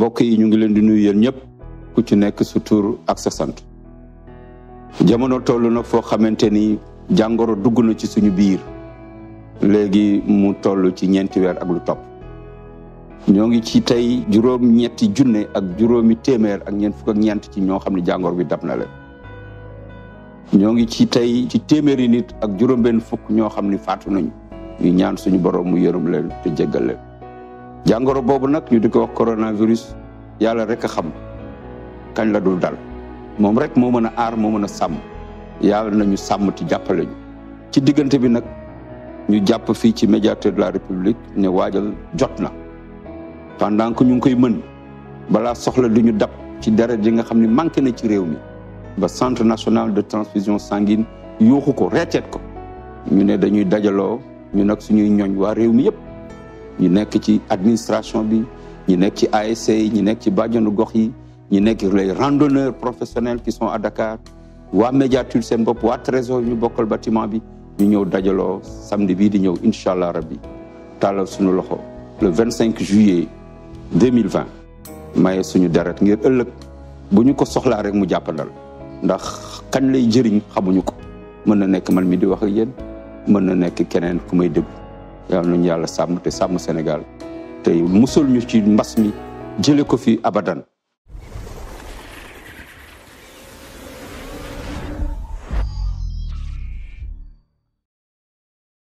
mbokk yi ñu ngi leen di nuyu yéen ñëpp ku ci nekk su tur ak sa sant jamono toll na foo xamante ni jàngoro dugg na ci suñu biir léegi mu toll ci ñeenti weer ak lu topp ñoo ngi ci tey juróom ñetti junne ak juróomi téeméer ak ñeent fukk ak ñeent ci ñoo xam ne jàngoor bi dab na leen ñoo ngi ci tey ci téeméeri nit ak juróom benn fukk ñoo xam ni faatu nañu ñu ñaan suñu borom mu yërëm leen te jéggal jàngoro boobu nag ñu di ko wax coronavirus yàlla rek a xam kañ la dul dal moom rek moo mën a aar moo mën a sàmm yàlla nañu sàmm ti jàppale ñu ci diggante bi nag ñu jàpp fii ci médiateur de la république ne waajal jot na pendant ñu ngi koy mën balaa soxla di ñu dab ci deret yi nga xam ni manqué na ci réew mi ba centre national de transfusion sanguine yuuxu ko retet ko ñu ne dañuy dajaloo ñu nag suñuy ñooñ waa réew mi yëpp ñu nekk ci administration bi ñu nekk ci ASC yi ñu nekk ci bàjjenu gox yi ñu nekk les randonneurs professionnels qui sont à Dakar waa médiature seen bopp waa trésor ñu bokkal batiment bi ñu ñëw dajaloo samedi bii di ñëw incha allah rabbi tàllal suñu loxo le 25 juillet 2020 maye suñu deret ngir ëllëg bu ñu ko soxlaa rek mu jàppandal ndax kañ lay jëriñ xamuñu ko mën na nekk man mi di wax ak yéen mën na nekk keneen ku may déglu yàlla nañu yàlla sàmm te sàmm Sénégal te musul ñu ci mbas mi jële ko fi abadan